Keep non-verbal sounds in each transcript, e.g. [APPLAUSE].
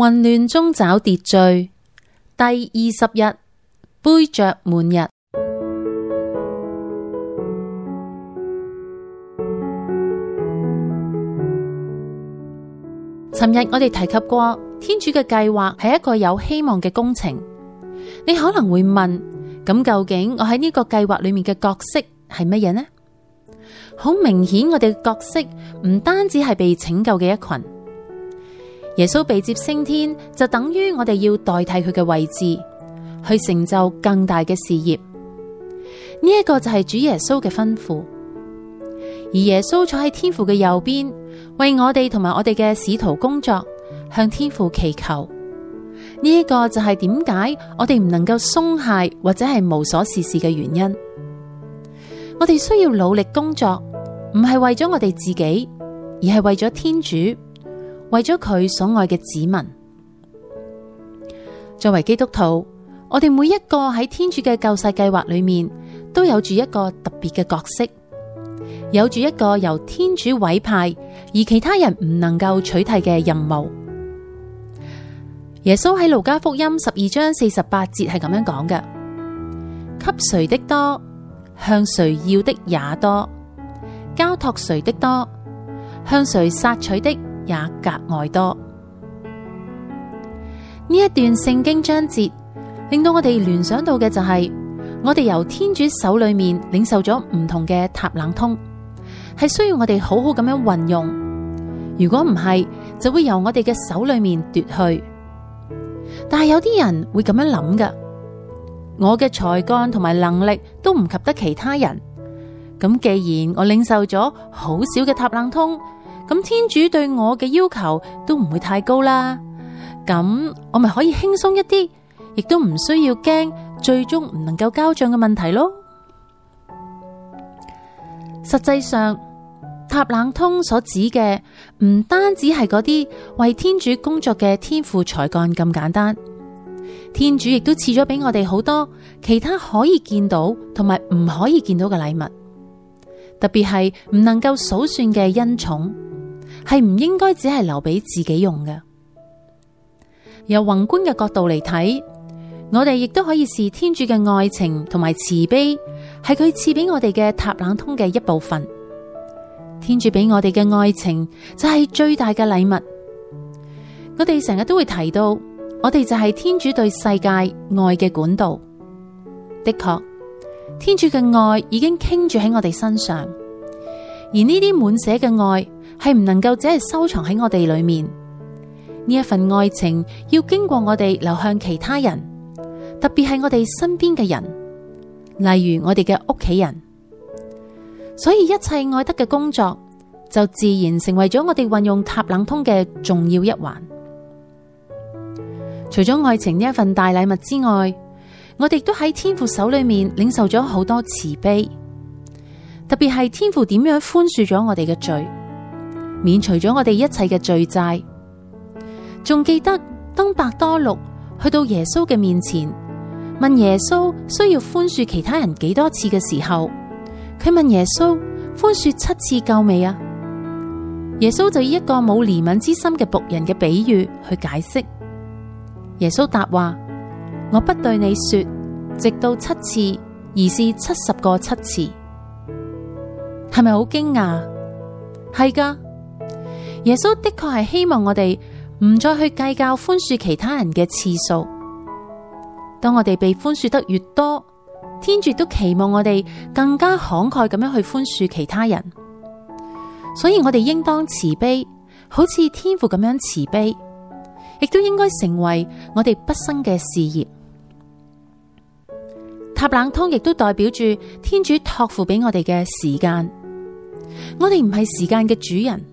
混亂中找秩序，第二十日，杯爵滿溢。尋日我哋提及過，天主嘅計劃係一個有希望嘅工程。你可能會問，咁究竟我喺呢個計劃裏面嘅角色係乜嘢呢？好明顯，我哋嘅角色唔單止係被拯救嘅一群。耶穌被接升天，就等於我哋要代替佢嘅位置，去成就更大嘅事業。呢一個就係主耶穌嘅吩咐。而耶穌坐喺天父嘅右邊，為我哋同埋我哋嘅使徒工作，向天父祈求。呢一個就係點解我哋唔能夠鬆懈或者係無所事事嘅原因。我哋需要努力工作，唔係為咗我哋自己，而係為咗天主。為咗佢所愛嘅子民。作為基督徒，我哋每一個喺天主嘅救世計劃裏面都有住一個特別嘅角色，有住一個由天主委派而其他人唔能夠取替嘅任務。耶穌喺路加福音十二章四十八節係咁樣講嘅：給誰的多，向誰要的也多；交託誰的多，向誰索取的，也格外多。呢一段聖經章節令到我哋聯想到嘅就係、是，我哋由天主手裏面領受咗唔同嘅塔冷通，係需要我哋好好咁樣運用。如果唔係，就會由我哋嘅手裏面奪去。但係有啲人會咁樣諗㗎，我嘅才幹同埋能力都唔及得其他人。咁既然我領受咗好少嘅塔冷通，咁天主對我嘅要求都唔會太高啦，咁我咪可以輕鬆一啲，亦都唔需要驚最終唔能夠交賬嘅問題咯。實際上，塔冷通所指嘅唔單止係嗰啲為天主工作嘅天賦才幹咁簡單，天主亦都賜咗俾我哋好多其他可以見到同埋唔可以見到嘅禮物，特別係唔能夠數算嘅恩寵。係唔應該只係留俾自己用嘅。由宏觀嘅角度嚟睇，我哋亦都可以視天主嘅愛情同埋慈悲係佢賜俾我哋嘅塔冷通嘅一部分。天主俾我哋嘅愛情就係、是、最大嘅禮物。我哋成日都會提到，我哋就係天主對世界愛嘅管道。的確，天主嘅愛已經傾注喺我哋身上，而呢啲滿溢嘅愛，係唔能夠只係收藏喺我哋裏面。呢一份愛情要經過我哋流向其他人，特別係我哋身邊嘅人，例如我哋嘅屋企人。所以一切愛德嘅工作，就自然成為咗我哋運用塔冷通嘅重要一環。除咗愛情呢一份大禮物之外，我哋都喺天父手裏面領受咗好多慈悲，特別係天父點樣寬恕咗我哋嘅罪。免除咗我哋一切嘅罪債，仲記得當伯多祿去到耶穌嘅面前，問耶穌需要寬恕其他人幾多次嘅時候，佢問耶穌寬恕七次夠未啊？耶穌就以一個冇憐憫之心嘅僕人嘅比喻去解釋。耶穌答話：我不對你說，直到七次，而是七十個七次。係咪好驚訝？係噶。耶穌的確係希望我哋唔再去計較寬恕其他人嘅次數。當我哋被寬恕得越多，天主都期望我哋更加慷慨咁樣去寬恕其他人。所以我哋應當慈悲，好似天父咁樣慈悲，亦都應該成為我哋畢生嘅事業。塔冷通亦都代表住天主托付俾我哋嘅時間，我哋唔係時間嘅主人。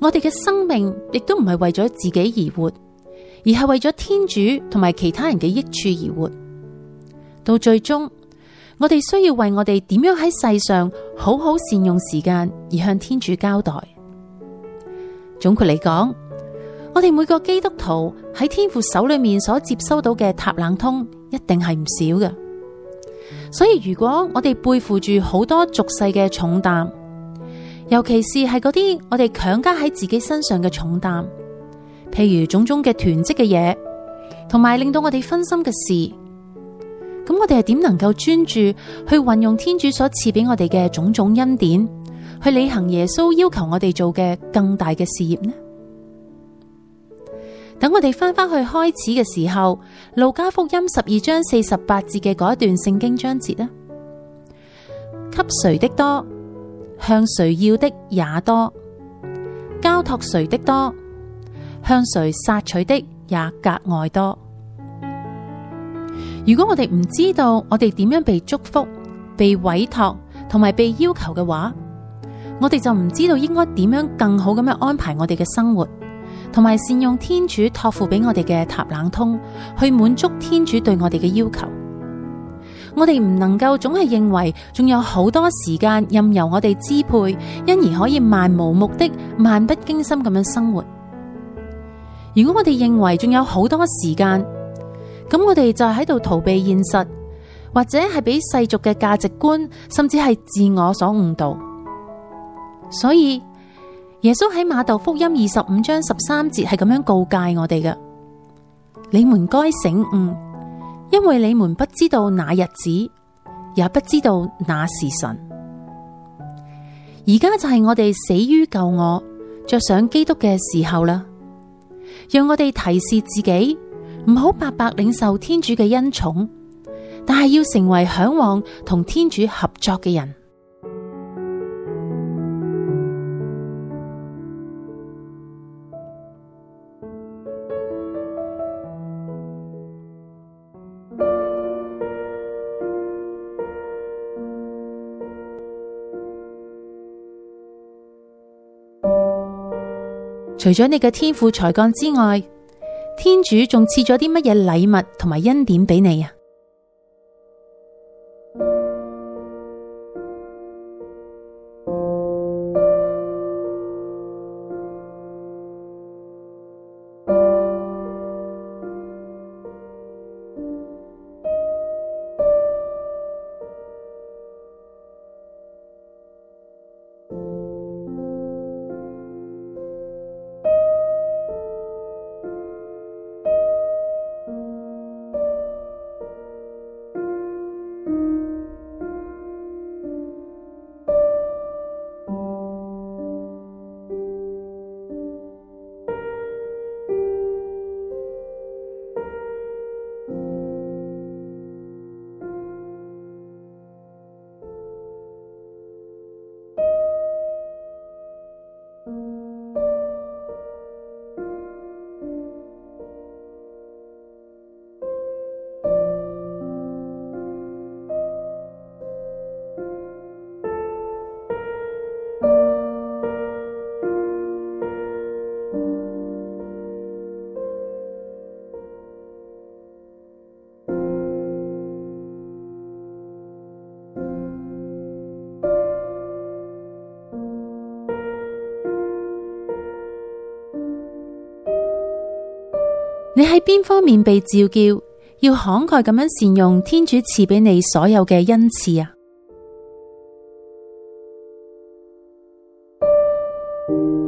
我哋嘅生命亦都唔係為咗自己而活，而係為咗天主同埋其他人嘅益處而活。到最終，我哋需要為我哋點樣喺世上好好善用時間而向天主交代。總括嚟講，我哋每個基督徒喺天父手裏面所接收到嘅塔冷通一定係唔少嘅。所以如果我哋背負住好多俗世嘅重擔，尤其是係嗰啲我哋強加喺自己身上嘅重擔，譬如種種嘅囤積嘅嘢，同埋令到我哋分心嘅事，咁我哋係點能夠專注去運用天主所賜俾我哋嘅種種恩典，去履行耶穌要求我哋做嘅更大嘅事業呢？等我哋翻翻去開始嘅時候，路加福音十二章四十八節嘅嗰一段聖經章節呢，給誰的多，向誰要的也多，交託誰的多，向誰索取的也格外多。如果我哋唔知道我哋點樣被祝福、被委託同埋被要求嘅話，我哋就唔知道應該點樣更好咁樣安排我哋嘅生活，同埋善用天主托付俾我哋嘅塔冷通去滿足天主對我哋嘅要求。我哋唔能夠總係認為仲有好多時間任由我哋支配，因而可以漫無目的、漫不經心咁樣生活。如果我哋認為仲有好多時間，咁我哋就喺度逃避現實，或者係俾世俗嘅價值觀，甚至係自我所誤導。所以耶穌喺瑪竇福音二十五章十三節係咁樣告誡我哋嘅：你們該醒寤。因為你們不知道那日子，也不知道那時辰。而家就係我哋死於舊我，着上基督嘅時候啦。讓我哋提示自己，唔好白白領受天主嘅恩寵，但係要成為嚮往同天主合作嘅人。除咗你嘅天賦才幹之外，天主仲賜咗啲乜嘢禮物同埋恩典俾你啊？你喺邊方面被召叫，要慷慨咁樣善用天主賜俾你所有嘅恩賜啊？ [NOISE]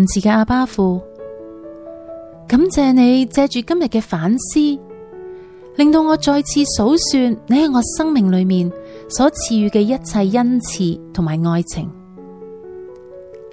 仁慈嘅阿爸父，感謝你借住今日嘅反思，令到我再次數算你喺我生命裏面所賜予嘅一切恩賜同埋愛情。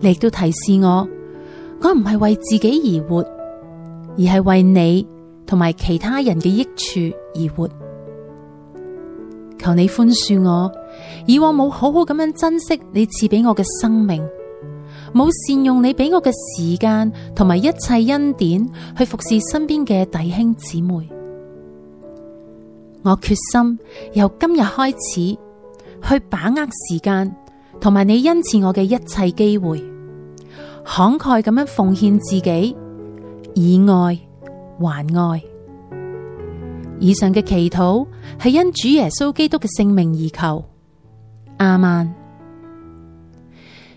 你亦都提示我，我唔係為自己而活，而係為你同埋其他人嘅益處而活。求你寬恕我，以往冇好好咁樣珍惜你賜俾我嘅生命。冇善用你俾我嘅時間同埋一切恩典，去服侍身邊嘅弟兄姊妹。我決心由今日開始，去把握時間同埋你恩賜我嘅一切機會，慷慨咁樣奉獻自己，以愛還愛。以上嘅祈禱係因主耶穌基督嘅聖名而求，亞孟。